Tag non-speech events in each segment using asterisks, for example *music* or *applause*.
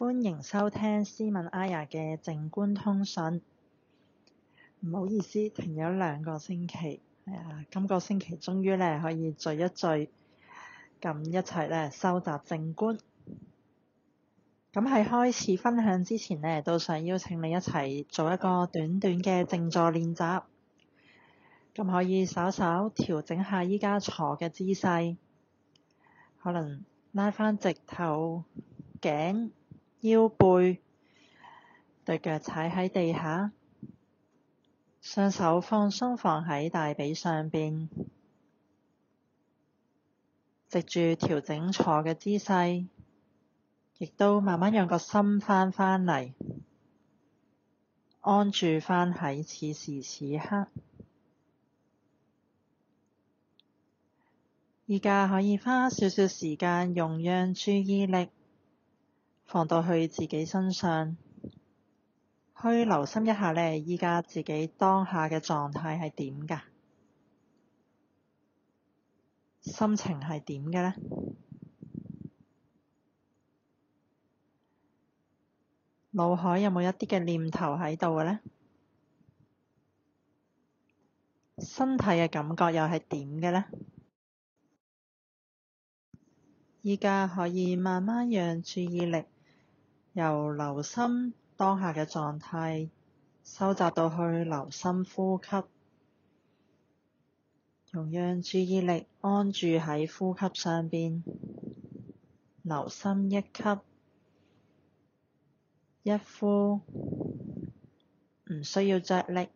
歡迎收聽斯文阿雅嘅靜觀通訊。唔好意思，停咗兩個星期，哎，今個星期終於咧可以聚一聚，咁一齊咧收集靜觀。咁喺開始分享之前咧，都想邀請你一齊做一個短短嘅靜坐練習。咁可以稍稍調整下依家坐嘅姿勢，可能拉翻直頭頸。腰背，對腳踩喺地下，雙手放鬆放喺大髀上邊，藉住調整坐嘅姿勢，亦都慢慢讓個心翻返嚟，安住翻喺此時此刻。而家可以花少少時間容讓注意力。放到去自己身上，去留心一下呢，依家自己當下嘅狀態係點㗎？心情係點嘅呢？腦海有冇一啲嘅念頭喺度呢？身體嘅感覺又係點嘅呢？依家可以慢慢讓注意力。由留心當下嘅狀態，收集到去留心呼吸，容讓注意力安住喺呼吸上邊，留心一吸一呼，唔需要着力，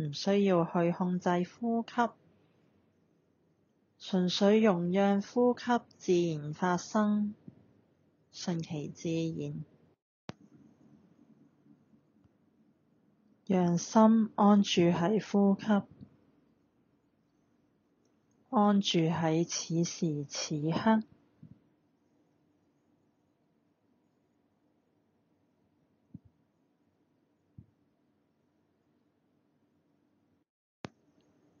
唔需要去控制呼吸，純粹容讓呼吸自然發生。順其自然，讓心安住喺呼吸，安住喺此時此刻。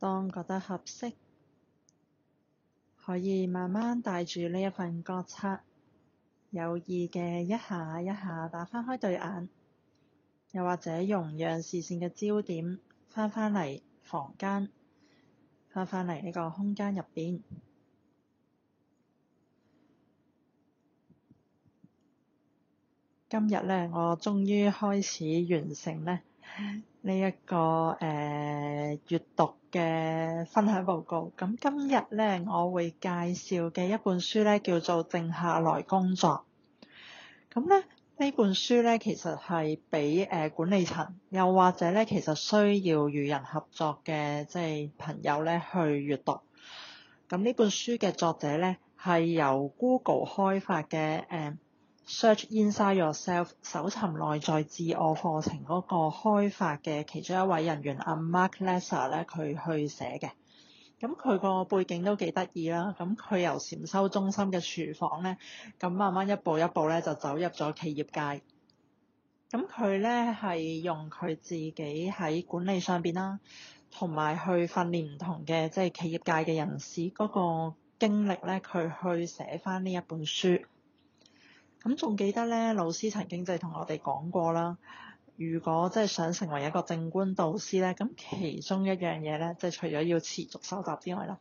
當覺得合適，可以慢慢帶住呢一份覺察。有意嘅一下一下打翻開對眼，又或者用讓視線嘅焦點翻返嚟房間，翻返嚟呢個空間入邊。今日咧，我終於開始完成咧呢一個誒、呃、閱讀嘅分享報告。咁今日咧，我會介紹嘅一本書咧，叫做《靜下來工作》。咁咧，呢本書咧，其實係俾誒管理層，又或者咧，其實需要與人合作嘅，即係朋友咧去閱讀。咁呢本書嘅作者咧，係由 Google 開發嘅誒。呃 Search Inside Yourself，搜尋內在自我課程嗰個開發嘅其中一位人員阿 Mark Lesser 咧，佢去寫嘅。咁佢個背景都幾得意啦，咁佢由禪修中心嘅廚房咧，咁慢慢一步一步咧就走入咗企業界。咁佢咧係用佢自己喺管理上面啦，同埋去訓練唔同嘅即係企業界嘅人士嗰個經歷咧，佢去寫返呢一本書。咁仲記得咧，老師曾經就係同我哋講過啦。如果即係想成為一個靜觀導師咧，咁其中一樣嘢咧，即係除咗要持續收集之外啦，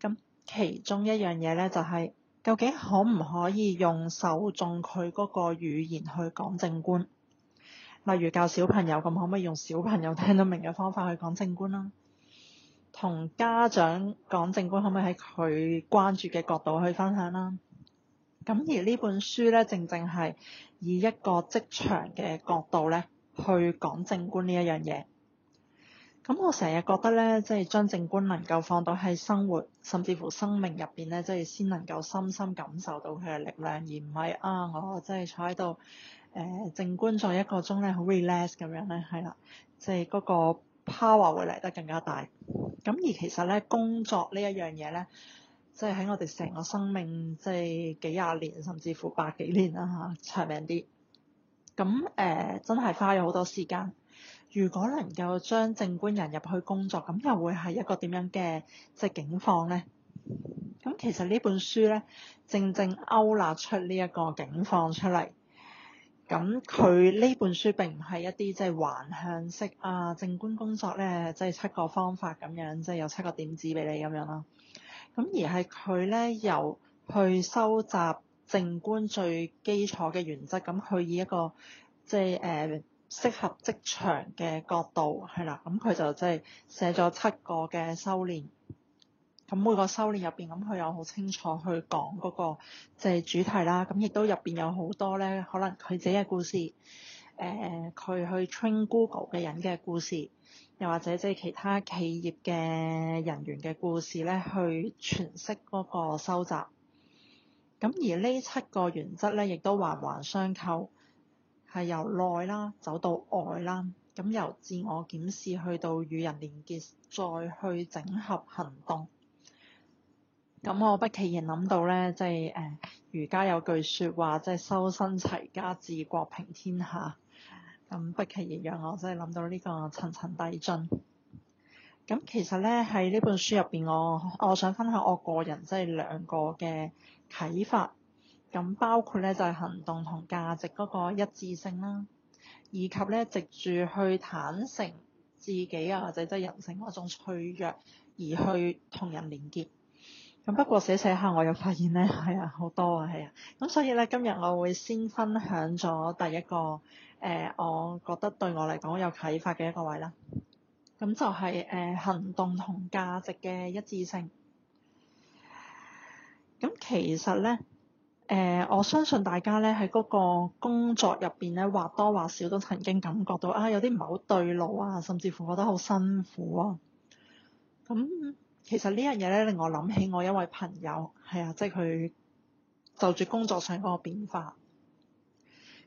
咁其中一樣嘢咧，就係究竟可唔可以用聽眾佢嗰個語言去講靜觀？例如教小朋友，咁可唔可以用小朋友聽到明嘅方法去講靜觀啦？同家長講靜觀，可唔可以喺佢關注嘅角度去分享啦？咁而呢本書咧，正正係以一個職場嘅角度咧，去講靜觀呢一樣嘢。咁我成日覺得咧，即係將靜觀能夠放到喺生活，甚至乎生命入邊咧，即係先能夠深深感受到佢嘅力量，而唔係啊我即係坐喺度誒靜觀咗一個鐘咧，好 relax 咁樣咧，係啦，即係嗰個 power 會嚟得更加大。咁而其實咧，工作呢一樣嘢咧。即係喺我哋成個生命，即係幾廿年，甚至乎百幾年啦嚇、啊，長命啲。咁誒、呃，真係花咗好多時間。如果能夠將靜觀人入去工作，咁又會係一個點樣嘅即係境況呢？咁其實呢本書呢，正正勾勒出呢一個境況出嚟。咁佢呢本書並唔係一啲即係橫向式啊，靜觀工作呢，即係七個方法咁樣，即係有七個點子俾你咁樣咯。咁而係佢咧，由去收集靜觀最基礎嘅原則，咁佢以一個即係誒、呃、適合職場嘅角度係啦，咁佢就即係寫咗七個嘅修練。咁每個修練入邊，咁佢有好清楚去講嗰、那個即係、就是、主題啦。咁亦都入邊有好多咧，可能佢自己嘅故事。誒佢、呃、去 train Google 嘅人嘅故事，又或者即係其他企業嘅人員嘅故事咧，去詮釋嗰個收集。咁而呢七個原則咧，亦都環環相扣，係由內啦走到外啦，咁由自我檢視去到與人連結，再去整合行動。咁我不其然諗到咧，即係誒儒家有句説話，即係修身齊家治國平天下。咁不其然讓我真係諗到呢個層層遞進。咁其實咧，喺呢本書入邊，我我想分享我個人即係兩個嘅啟發。咁包括咧就係行動同價值嗰個一致性啦，以及咧藉住去坦誠自己啊，或者即係人性嗰種脆弱，而去同人連結。咁不過寫寫下，我又發現咧，係啊，好多啊，係啊。咁所以咧，今日我會先分享咗第一個，誒，呃，我覺得對我嚟講有啟發嘅一個位啦。咁就係，是，誒，呃，行動同價值嘅一致性。咁其實咧，誒，呃，我相信大家咧喺嗰個工作入邊咧，或多或少都曾經感覺到啊，有啲唔係好對路啊，甚至乎覺得好辛苦啊。咁。其實呢樣嘢咧令我諗起我一位朋友，係啊，即係佢就住工作上嗰個變化。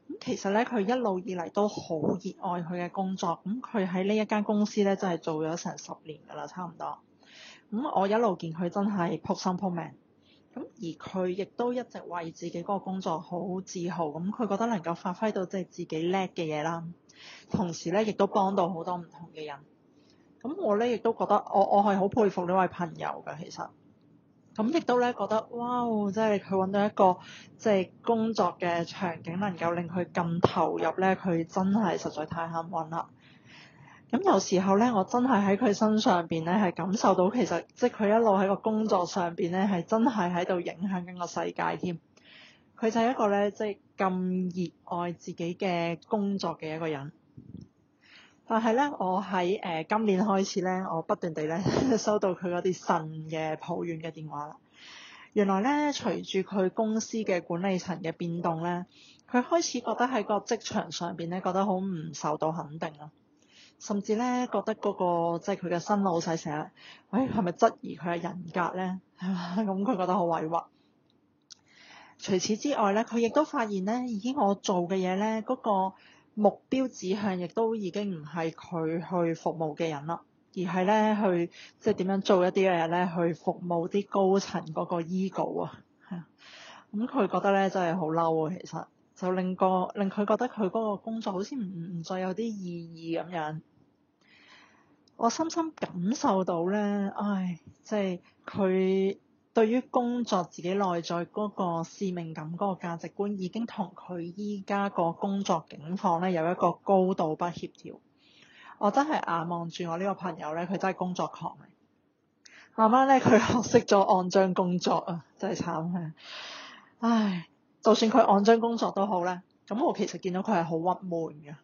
咁其實咧，佢一路以嚟都好熱愛佢嘅工作，咁佢喺呢一間公司咧真係做咗成十年噶啦，差唔多。咁、嗯、我一路見佢真係撲心撲命，咁、嗯、而佢亦都一直為自己嗰個工作好自豪，咁、嗯、佢覺得能夠發揮到即係自己叻嘅嘢啦，同時咧亦都幫到好多唔同嘅人。咁我咧亦都覺得，我我係好佩服呢位朋友嘅，其實。咁亦都咧覺得，哇！即係佢揾到一個即係工作嘅場景，能夠令佢咁投入咧，佢真係實在太幸運啦。咁有時候咧，我真係喺佢身上邊咧，係感受到其實即係佢一路喺個工作上邊咧，係真係喺度影響緊個世界添。佢就係一個咧，即係咁熱愛自己嘅工作嘅一個人。但係咧，我喺誒、呃、今年開始咧，我不斷地咧收到佢嗰啲呻嘅抱怨嘅電話啦。原來咧，隨住佢公司嘅管理層嘅變動咧，佢開始覺得喺個職場上邊咧，覺得好唔受到肯定啊，甚至咧，覺得嗰、那個即係佢嘅新老細成日：哎「喂係咪質疑佢嘅人格咧？咁 *laughs* 佢、嗯、覺得好委屈。除此之外咧，佢亦都發現咧，已經我做嘅嘢咧嗰個。目標指向亦都已經唔係佢去服務嘅人啦，而係咧去即係點樣做一啲嘅嘢咧去服務啲高層嗰個 ego 啊，係 *laughs* 啊、嗯，咁佢覺得咧真係好嬲啊，其實就令個令佢覺得佢嗰個工作好似唔唔再有啲意義咁樣，我深深感受到咧，唉，即係佢。對於工作自己內在嗰個使命感、嗰個價值觀，已經同佢依家個工作境況咧有一個高度不協調。我真係眼望住我呢個朋友咧，佢真係工作狂。慢慢咧，佢學識咗按章工作啊，真係慘啊！唉，就算佢按章工作都好咧，咁我其實見到佢係好鬱悶嘅。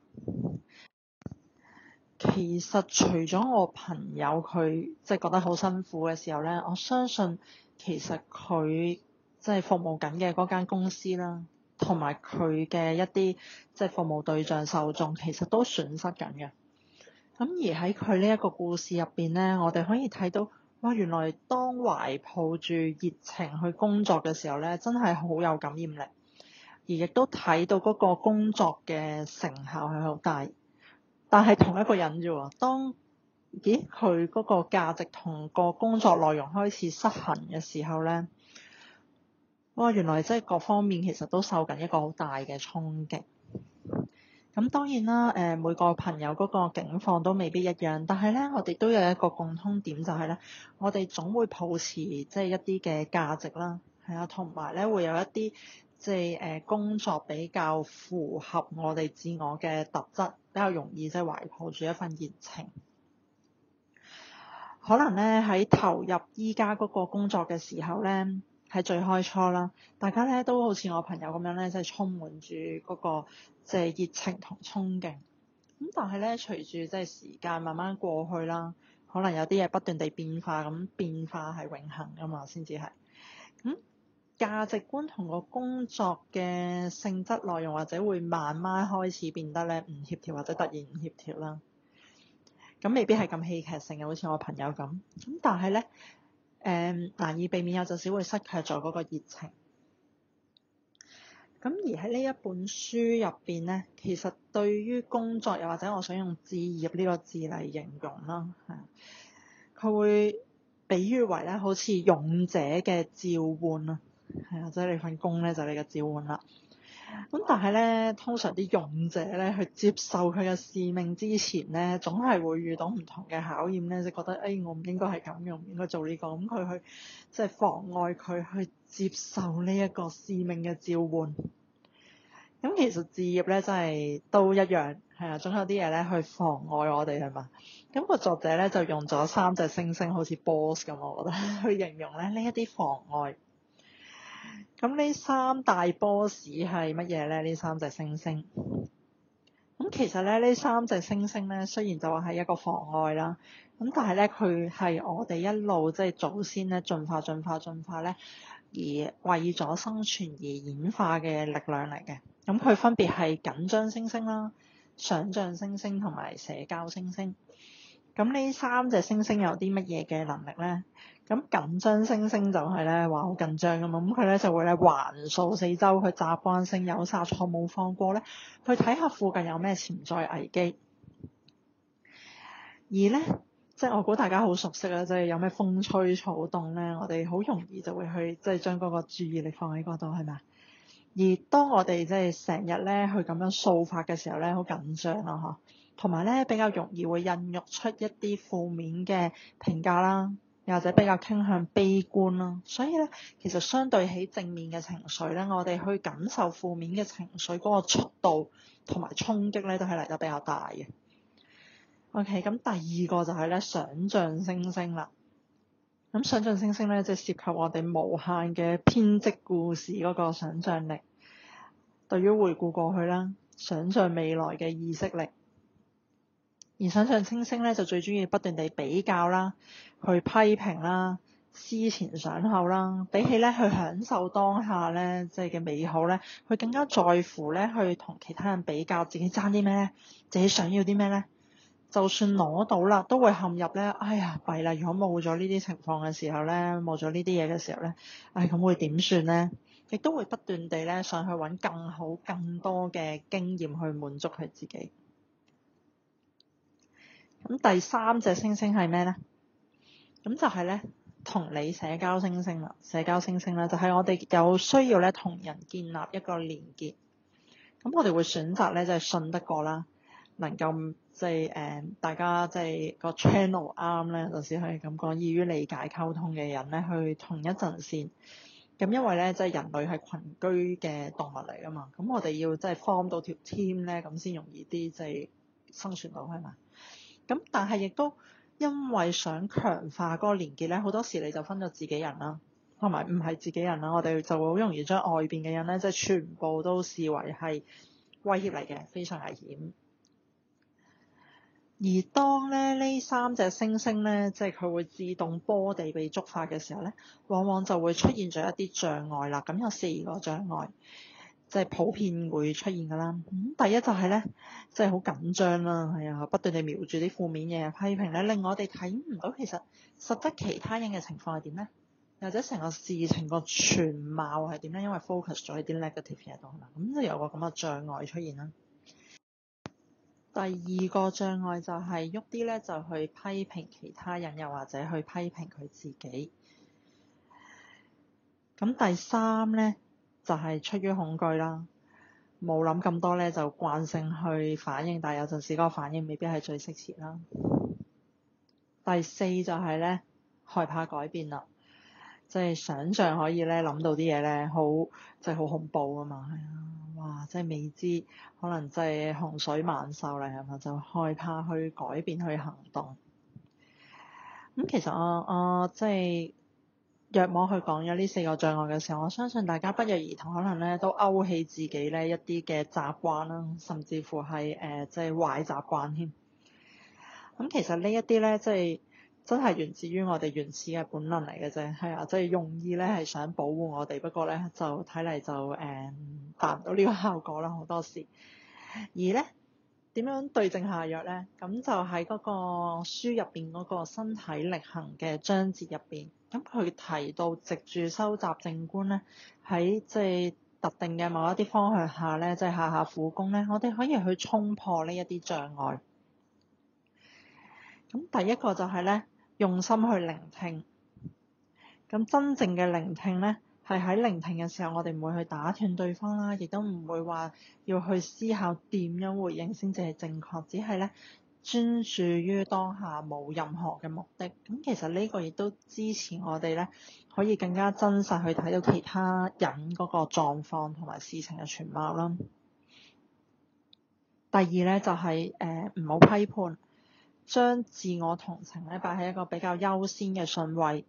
其實除咗我朋友佢即係覺得好辛苦嘅時候咧，我相信。其實佢即係服務緊嘅嗰間公司啦，同埋佢嘅一啲即係服務對象受眾，其實都損失緊嘅。咁而喺佢呢一個故事入邊呢，我哋可以睇到哇，原來當懷抱住熱情去工作嘅時候呢，真係好有感染力，而亦都睇到嗰個工作嘅成效係好大。但係同一個人啫喎，當咦，佢嗰個價值同個工作內容開始失衡嘅時候咧，哇，原來即係各方面其實都受緊一個好大嘅衝擊，咁當然啦，誒、呃、每個朋友嗰個境況都未必一樣，但係咧，我哋都有一個共通點，就係咧，我哋總會抱持即係一啲嘅價值啦，係啊，同埋咧會有一啲即係誒工作比較符合我哋自我嘅特質，比較容易即係懷抱住一份熱情。可能咧，喺投入依家嗰個工作嘅時候咧，喺最開初啦，大家咧都好似我朋友咁樣咧，即係充滿住嗰個即係熱情同憧憬。咁但係咧，隨住即係時間慢慢過去啦，可能有啲嘢不斷地變化，咁變化係永恆噶嘛，先至係。咁價值觀同個工作嘅性質內容或者會慢慢開始變得咧唔協調，或者突然唔協調啦。咁未必係咁戲劇性嘅，好似我朋友咁。咁但係咧，誒、嗯、難以避免有陣時會失卻咗嗰個熱情。咁而喺呢一本書入邊咧，其實對於工作又或者我想用志業呢個字嚟形容啦，係佢會比喻為咧，好似勇者嘅召喚啊，係啊，即係你份工咧就係你嘅召喚啦。咁但係咧，通常啲勇者咧去接受佢嘅使命之前咧，總係會遇到唔同嘅考驗咧，就覺得誒、哎，我唔應該係咁用，唔應該做呢、這個，咁、嗯、佢去即係、就是、妨礙佢去接受呢一個使命嘅召喚。咁、嗯、其實事業咧真係都一樣，係啊，總有啲嘢咧去妨礙我哋係嘛。咁、那個作者咧就用咗三隻星星，好似 boss 咁我覺得去形容咧呢一啲妨礙。咁呢三大 boss 係乜嘢咧？呢三隻星星，咁其實咧，呢三隻星星咧，雖然就話係一個妨礙啦，咁但係咧，佢係我哋一路即係、就是、祖先咧進化進化進化咧，而為咗生存而演化嘅力量嚟嘅。咁佢分別係緊張星星啦、想像星星同埋社交星星。咁呢三隻星星有啲乜嘢嘅能力咧？咁緊張猩猩就係咧話好緊張咁嘛。咁佢咧就會咧橫掃四周，去習慣性有殺錯冇放過咧，去睇下附近有咩潛在危機。而咧即係我估大家好熟悉啦，即係有咩風吹草動咧，我哋好容易就會去即係將嗰個注意力放喺嗰度，係咪？而當我哋即係成日咧去咁樣掃法嘅時候咧，好緊張咯，嗬。同埋咧比較容易會孕育出一啲負面嘅評價啦。又或者比較傾向悲觀啦，所以咧，其實相對起正面嘅情緒咧，我哋去感受負面嘅情緒嗰個速度同埋衝擊咧，都係嚟得比較大嘅。OK，咁第二個就係咧想像星星啦。咁想像星星咧，即係涉及我哋無限嘅編織故事嗰個想像力，對於回顧過去啦，想像未來嘅意識力。而想上傾升咧，就最中意不斷地比較啦，去批評啦，思前想後啦，比起咧去享受當下咧，即係嘅美好咧，佢更加在乎咧去同其他人比較，自己爭啲咩咧，自己想要啲咩咧，就算攞到啦，都會陷入咧，哎呀弊啦！如果冇咗呢啲情況嘅時候咧，冇咗呢啲嘢嘅時候咧，唉、哎，咁會點算咧？亦都會不斷地咧上去揾更好、更多嘅經驗去滿足佢自己。咁第三隻星星係咩呢？咁就係呢，同你社交星星啦，社交星星呢就係我哋有需要呢同人建立一個連結。咁我哋會選擇呢，就係信得過啦，能夠即係誒大家即係個 channel 啱呢，就先可以咁講，易於理解溝通嘅人呢，去同一陣線。咁因為呢，即係人類係群居嘅動物嚟㗎嘛，咁我哋要即係 form 到條 team 呢，咁先容易啲即係生存到係咪？咁但係亦都因為想強化嗰個連結咧，好多時你就分咗自己人啦，同埋唔係自己人啦。我哋就會好容易將外邊嘅人咧，即係全部都視為係威脅嚟嘅，非常危險。而當咧呢三隻星星咧，即係佢會自動波地被觸發嘅時候咧，往往就會出現咗一啲障礙啦。咁有四個障礙。即係普遍會出現噶啦、嗯。第一就係咧，即係好緊張啦，係啊，不斷地瞄住啲負面嘢批評咧，令我哋睇唔到其實實質其他人嘅情況係點咧，或者成個事情個全貌係點咧，因為 focus 咗喺啲 negative 嘢度啦，咁、嗯、就有個咁嘅障礙出現啦。第二個障礙就係喐啲咧，就去批評其他人，又或者去批評佢自己。咁第三咧？就係出於恐懼啦，冇諗咁多咧，就慣性去反應，但係有陣時嗰個反應未必係最適切啦。第四就係咧，害怕改變啦，即係想像可以咧諗到啲嘢咧，好即係好恐怖啊嘛，係啊，哇，即係未知，可能即係洪水猛獸嚟係嘛，就害怕去改變去行動。咁其實我我即係。若望去講咗呢四個障礙嘅時候，我相信大家不約而同可能咧都勾起自己呢一啲嘅習慣啦，甚至乎係誒、呃、即係壞習慣添。咁其實一呢一啲咧，即係真係源自於我哋原始嘅本能嚟嘅啫。係啊，即係用意咧係想保護我哋，不過咧就睇嚟就誒、呃、達唔到呢個效果啦。好多時而咧點樣對症下藥咧？咁就喺嗰個書入邊嗰個身體力行嘅章節入邊。咁佢提到藉住收集靜觀咧，喺即係特定嘅某一啲方向下咧，即係下下苦功咧，我哋可以去衝破呢一啲障礙。咁第一個就係咧，用心去聆聽。咁真正嘅聆聽咧，係喺聆聽嘅時候，我哋唔會去打斷對方啦，亦都唔會話要去思考點樣回應先至係正確，只係咧，專注於當下，冇任何嘅目的。咁其實呢個亦都支持我哋咧，可以更加真實去睇到其他人嗰個狀況同埋事情嘅全貌啦。第二咧就係誒唔好批判，將自我同情咧擺喺一個比較優先嘅信位。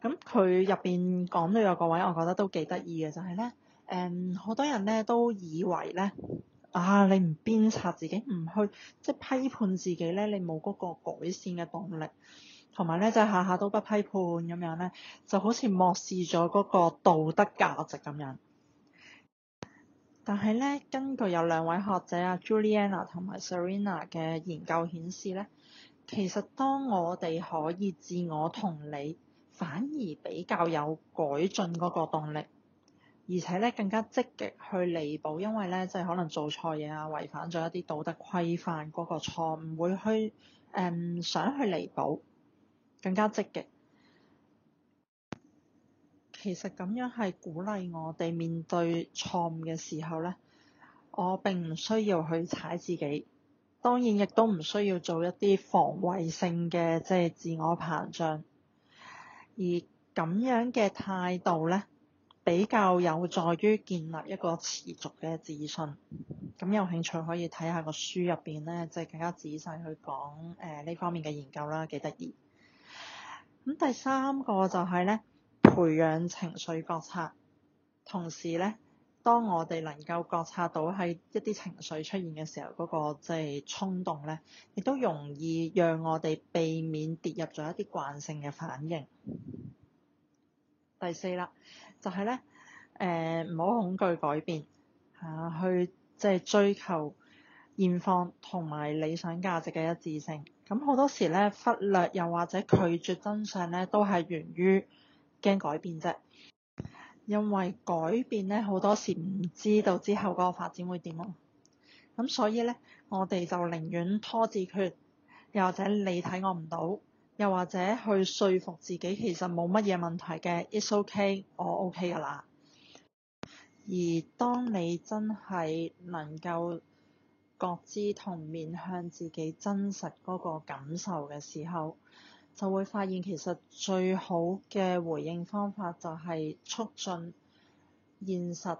咁佢入邊講到有個位，我覺得都幾得意嘅就係、是、咧，誒、呃、好多人咧都以為咧。啊！你唔鞭策自己，唔去即係批判自己咧，你冇嗰個改善嘅動力。同埋咧，即係下下都不批判咁樣咧，就好似漠視咗嗰個道德價值咁樣。但係咧，根據有兩位學者啊 Juliana 同埋 Serena 嘅研究顯示咧，其實當我哋可以自我同理，反而比較有改進嗰個動力。而且咧，更加積極去彌補，因為咧即係可能做錯嘢啊，違反咗一啲道德規範嗰個錯誤，會去誒、嗯、想去彌補，更加積極。其實咁樣係鼓勵我哋面對錯誤嘅時候咧，我並唔需要去踩自己，當然亦都唔需要做一啲防衛性嘅即係自我膨脹。而咁樣嘅態度咧，比較有助於建立一個持續嘅自信，咁有興趣可以睇下個書入邊咧，即係更加仔細去講誒呢方面嘅研究啦，幾得意。咁第三個就係咧，培養情緒覺察，同時咧，當我哋能夠覺察到喺一啲情緒出現嘅時候，嗰個即係衝動咧，亦都容易讓我哋避免跌入咗一啲慣性嘅反應。第四啦，就係、是、咧，誒唔好恐懼改變，吓、啊、去即係追求現況同埋理想價值嘅一致性。咁、嗯、好多時咧，忽略又或者拒絕真相咧，都係源於驚改變啫。因為改變咧，好多時唔知道之後嗰個發展會點咯。咁、嗯、所以咧，我哋就寧願拖字訣，又或者你睇我唔到。又或者去説服自己其實冇乜嘢問題嘅，It's OK，我 OK 㗎啦。而當你真係能夠覺知同面向自己真實嗰個感受嘅時候，就會發現其實最好嘅回應方法就係促進現實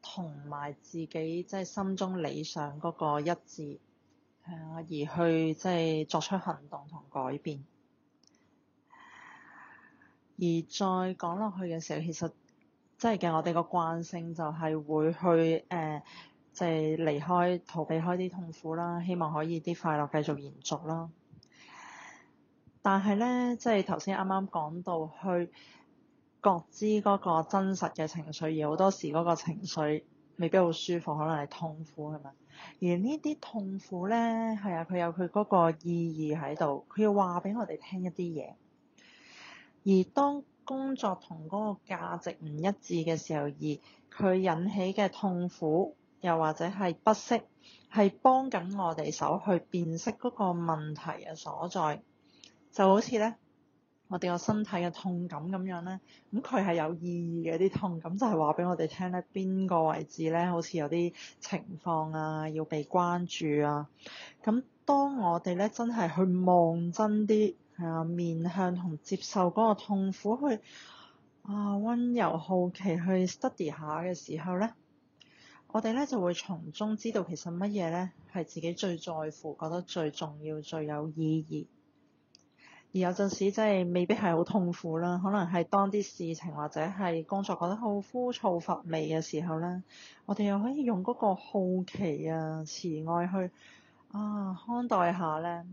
同埋自己即係、就是、心中理想嗰個一致係啊，而去即係、就是、作出行動同改變。而再講落去嘅時候，其實即係嘅，我哋個慣性就係會去誒、呃，就係、即係、離開逃避開啲痛苦啦，希望可以啲快樂繼續延續啦。但係咧，即係頭先啱啱講到去覺知嗰個真實嘅情緒，而好多時嗰個情緒未必好舒服，可能係痛苦㗎嘛。而呢啲痛苦咧，係啊，佢有佢嗰個意義喺度，佢要話俾我哋聽一啲嘢。而當工作同嗰個價值唔一致嘅時候，而佢引起嘅痛苦，又或者係不適，係幫緊我哋手去辨識嗰個問題嘅所在，就好似咧我哋個身體嘅痛感咁樣咧，咁佢係有意義嘅啲痛感就，就係話俾我哋聽咧邊個位置咧，好似有啲情況啊，要被關注啊。咁當我哋咧真係去望真啲。係啊，面向同接受嗰個痛苦去啊，溫柔好奇去 study 下嘅時候咧，我哋咧就會從中知道其實乜嘢咧係自己最在乎、覺得最重要、最有意義。而有陣時真係未必係好痛苦啦，可能係當啲事情或者係工作覺得好枯燥乏味嘅時候咧，我哋又可以用嗰個好奇啊、慈愛去啊，看待下咧。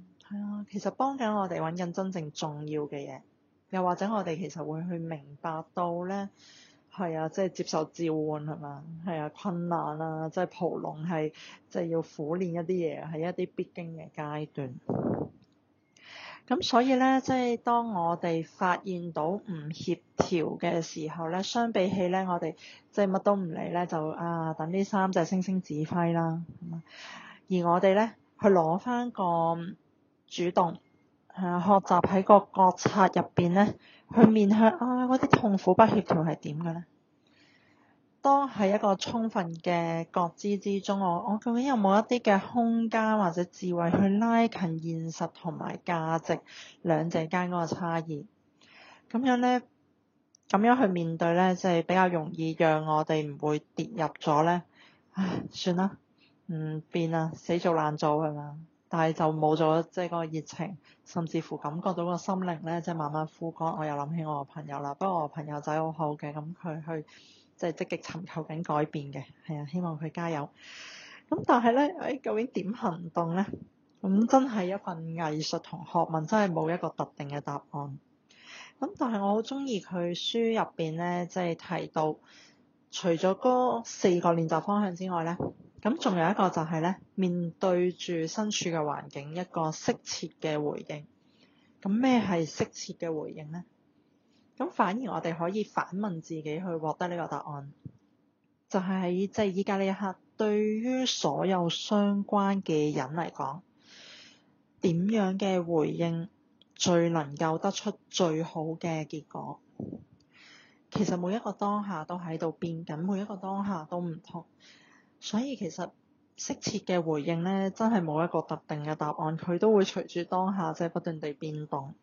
其實幫緊我哋揾緊真正重要嘅嘢，又或者我哋其實會去明白到咧，係啊，即係接受召喚係嘛，係啊，困難啦，即係蒲龍係即係要苦練一啲嘢，係一啲必經嘅階段。咁所以咧，即係當我哋發現到唔協調嘅時候咧，相比起咧，我哋即係乜都唔理咧，就啊等呢三隻星星指揮啦。而我哋咧去攞翻個。主動係啊、呃，學習喺個覺察入邊咧，去面向啊嗰啲痛苦不協調係點嘅咧？當喺一個充分嘅覺知之中，我我究竟有冇一啲嘅空間或者智慧去拉近現實同埋價值兩者間嗰個差異？咁樣咧，咁樣去面對咧，就係、是、比較容易讓我哋唔會跌入咗咧。唉，算啦，唔、嗯、變啦，死做爛做係嘛？但係就冇咗即係個熱情，甚至乎感覺到個心靈咧，即係慢慢枯乾。我又諗起我個朋友啦，不過我朋友仔好好嘅，咁佢去即係積極尋求緊改變嘅，係啊，希望佢加油。咁但係咧，誒、哎、究竟點行動咧？咁真係一份藝術同學問，真係冇一個特定嘅答案。咁但係我好鍾意佢書入邊咧，即係提到，除咗嗰四個練習方向之外咧。咁仲有一個就係咧，面對住身處嘅環境一個適切嘅回應。咁咩係適切嘅回應呢？咁反而我哋可以反問自己去獲得呢個答案，就係即係依家呢一刻，就係、對於所有相關嘅人嚟講，點樣嘅回應最能夠得出最好嘅結果？其實每一個當下都喺度變緊，每一個當下都唔同。所以其實適切嘅回應咧，真係冇一個特定嘅答案，佢都會隨住當下即係不斷地變動。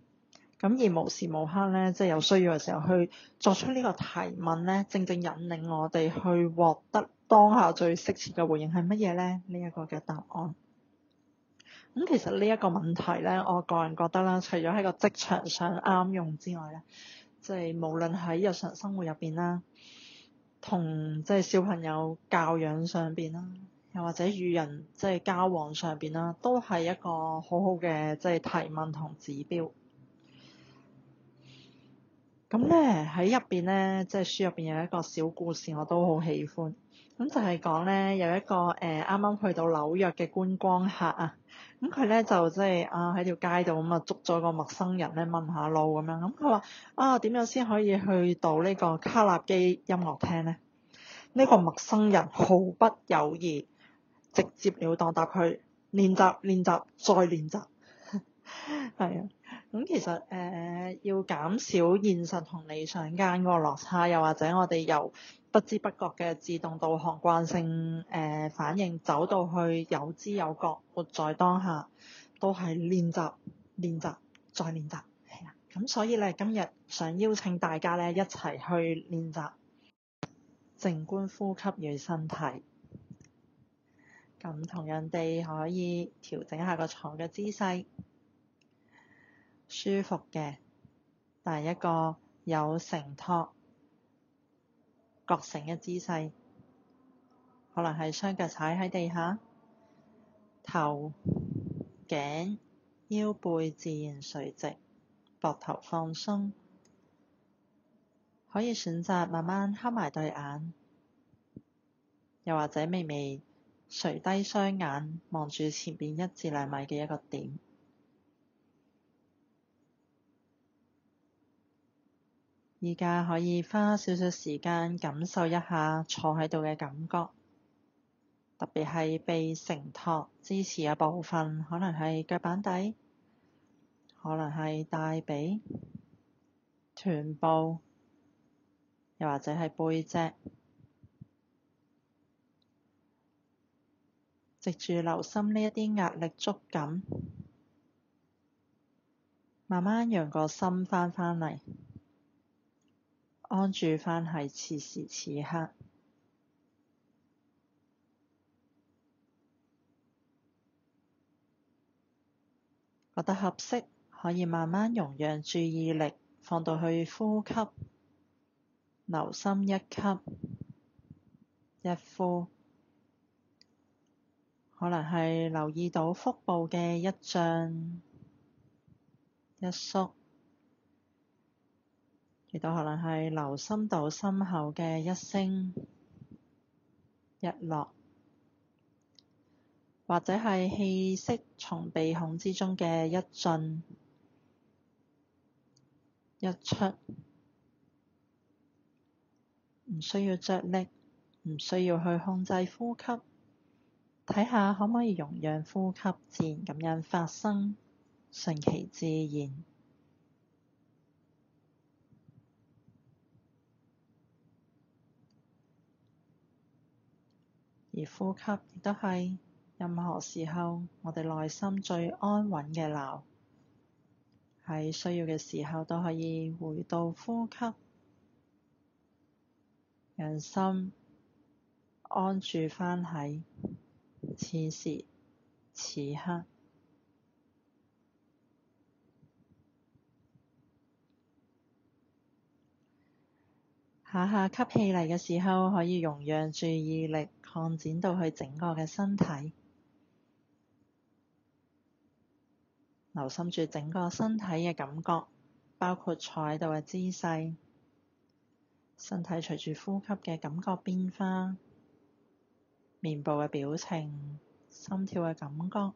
咁而無時無刻咧，即係有需要嘅時候去作出呢個提問咧，正正引領我哋去獲得當下最適切嘅回應係乜嘢咧？呢一個嘅答案。咁其實呢一個問題咧，我個人覺得啦，除咗喺個職場上啱用之外咧，即係無論喺日常生活入邊啦。同即係小朋友教養上邊啦，又或者與人即係交往上邊啦，都係一個好好嘅即係提問同指標。咁咧喺入邊咧，即係書入邊有一個小故事，我都好喜歡。咁就係講咧，有一個誒啱啱去到紐約嘅觀光客啊。咁佢咧就即係啊喺條街度咁啊捉咗個陌生人咧問下路咁、嗯啊、樣，咁佢話啊點樣先可以去到呢個卡納基音樂廳咧？呢、呢個陌生人毫不猶豫，直接了當答佢，練習、練習、再練習係， *laughs* 啊。咁其實誒、呃、要減少現實同理想間個落差，又或者我哋由不知不覺嘅自動導航慣性誒、呃、反應走到去有知有覺活在當下都練習，都係練習、練習再練習。係啊，咁所以咧今日想邀請大家咧一齊去練習靜觀呼吸與身體。咁同樣地可以調整下個床嘅姿勢。舒服嘅，但一個有承托、覺醒嘅姿勢，可能係雙腳踩喺地下，頭、頸、腰背自然垂直，膊頭放鬆，可以選擇慢慢瞌埋對眼，又或者微微垂低雙眼，望住前面一至兩米嘅一個點。而家可以花少少時間感受一下坐喺度嘅感覺，特別係被承托支持嘅部分，可能係腳板底，可能係大髀、臀部，又或者係背脊，藉住留心呢一啲壓力觸感，慢慢讓個心翻返嚟。安住返係此時此刻，覺得合適，可以慢慢容讓注意力放到去呼吸，留心一吸一呼，可能係留意到腹部嘅一漲一縮。亦都可能係留心到心口嘅一升一落，或者係氣息從鼻孔之中嘅一進一出，唔需要着力，唔需要去控制呼吸，睇下可唔可以容讓呼吸自然咁樣發生，順其自然。而呼吸亦都係任何時候我哋內心最安穩嘅錨，喺需要嘅時候都可以回到呼吸，人心安住返喺此時此刻。下下吸氣嚟嘅時候，可以容讓注意力擴展到去整個嘅身體，留心住整個身體嘅感覺，包括坐喺度嘅姿勢、身體隨住呼吸嘅感覺變化、面部嘅表情、心跳嘅感覺，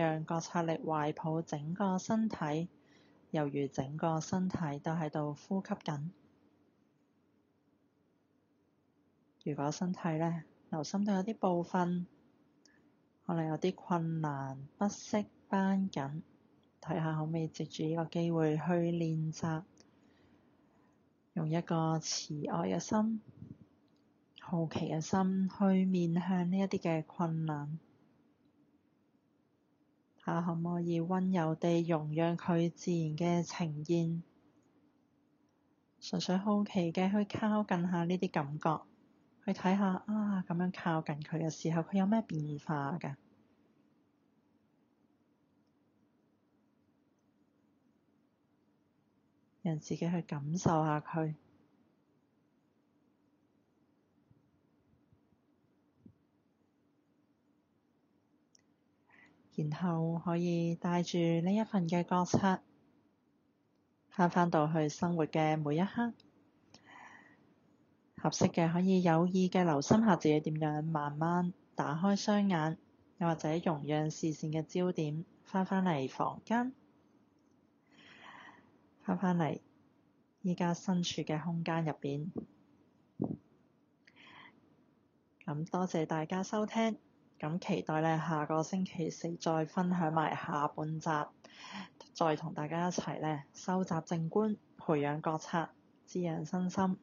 讓覺察力懷抱整個身體。猶如整個身體都喺度呼吸緊，如果身體咧，留心到有啲部分可能有啲困難，不適、繃緊，睇下可唔可以藉住呢個機會去練習，用一個慈愛嘅心、好奇嘅心去面向呢一啲嘅困難。可唔可以溫柔地容讓佢自然嘅呈現？純粹好奇嘅去靠近下呢啲感覺，去睇下啊，咁樣靠近佢嘅時候，佢有咩變化噶？讓自己去感受下佢。然後可以帶住呢一份嘅覺察，翻返到去生活嘅每一刻，合適嘅可以有意嘅留心下自己點樣，慢慢打開雙眼，又或者容讓視線嘅焦點翻返嚟房間，翻返嚟依家身處嘅空間入邊。咁多謝大家收聽。咁期待咧，下個星期四再分享埋下半集，再同大家一齊咧，修習靜觀，培養覺察，滋養身心。